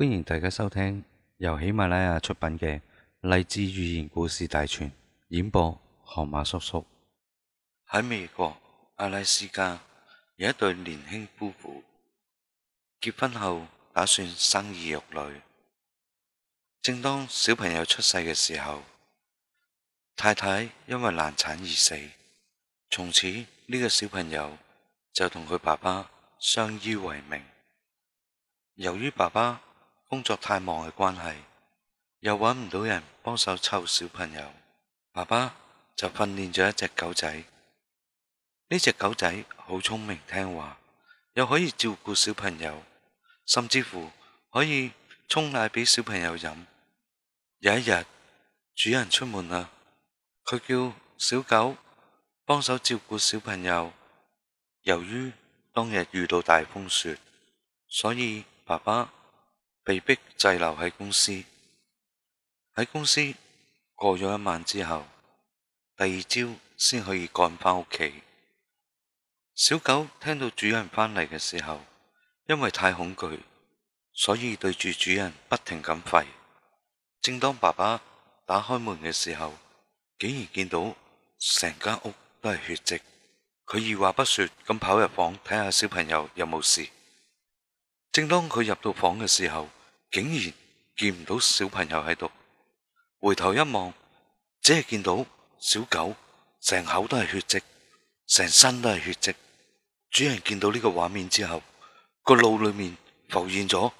歡迎大家收聽由喜馬拉雅出品嘅《勵志寓言故事大全》，演播河馬叔叔。喺美國阿拉斯加有一對年輕夫婦，結婚後打算生兒育女。正當小朋友出世嘅時候，太太因為難產而死。從此呢個小朋友就同佢爸爸相依為命。由於爸爸，工作太忙嘅關係，又搵唔到人幫手湊小朋友，爸爸就訓練咗一隻狗仔。呢隻狗仔好聰明聽話，又可以照顧小朋友，甚至乎可以沖奶俾小朋友飲。有一日主人出門啦，佢叫小狗幫手照顧小朋友。由於當日遇到大風雪，所以爸爸，被迫滯留喺公司，喺公司過咗一晚之後，第二朝先可以趕返屋企。小狗聽到主人返嚟嘅時候，因為太恐懼，所以對住主人不停咁吠。正當爸爸打開門嘅時候，竟然見到成間屋都係血跡。佢二話不說咁跑入房睇下小朋友有冇事。正當佢入到房嘅時候，竟然見唔到小朋友喺度。回頭一望，只係見到小狗成口都係血迹，成身都係血迹。主人見到呢個畫面之後，個腦裏面浮現咗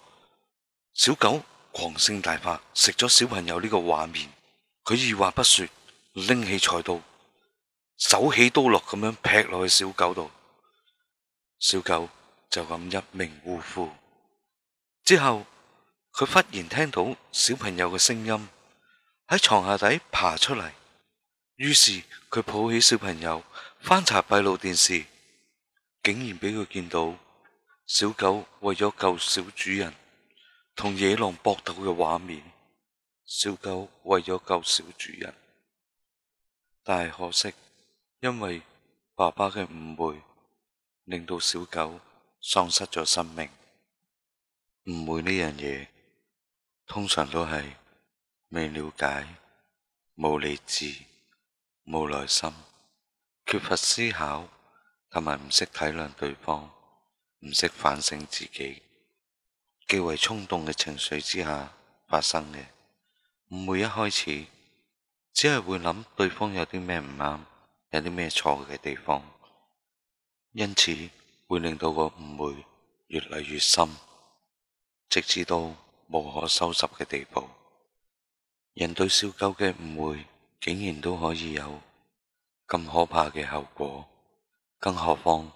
小狗狂性大發食咗小朋友呢個畫面。佢二話不說，拎起菜刀，手起刀落咁樣劈落去小狗度，小狗就咁一命嗚呼。之後，佢忽然聽到小朋友嘅聲音喺床下底爬出嚟，於是佢抱起小朋友翻查閉路電視，竟然俾佢見到小狗為咗救小主人同野狼搏鬥嘅畫面。小狗為咗救小主人，但係可惜，因為爸爸嘅誤會，令到小狗喪失咗生命。誤會呢樣嘢，通常都係未了解、冇理智、冇耐心、缺乏思考，同埋唔識體諒對方，唔識反省自己，極為衝動嘅情緒之下發生嘅誤會。一開始，只係會諗對方有啲咩唔啱，有啲咩錯嘅地方，因此會令到個誤會越嚟越深。直至到無可收拾嘅地步，人對小狗嘅誤會竟然都可以有咁可怕嘅後果，更何況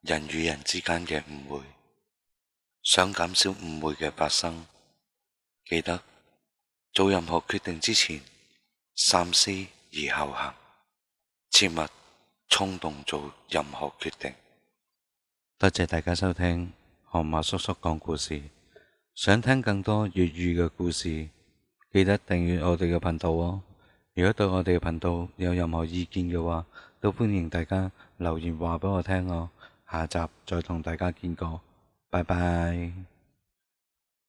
人與人之間嘅誤會。想減少誤會嘅發生，記得做任何決定之前三思而後行，切勿衝動做任何決定。多謝大家收聽河馬叔叔講故事。想聽更多粵語嘅故事，記得訂閱我哋嘅頻道哦。如果對我哋嘅頻道有任何意見嘅話，都歡迎大家留言話俾我聽哦。下集再同大家見過，拜拜。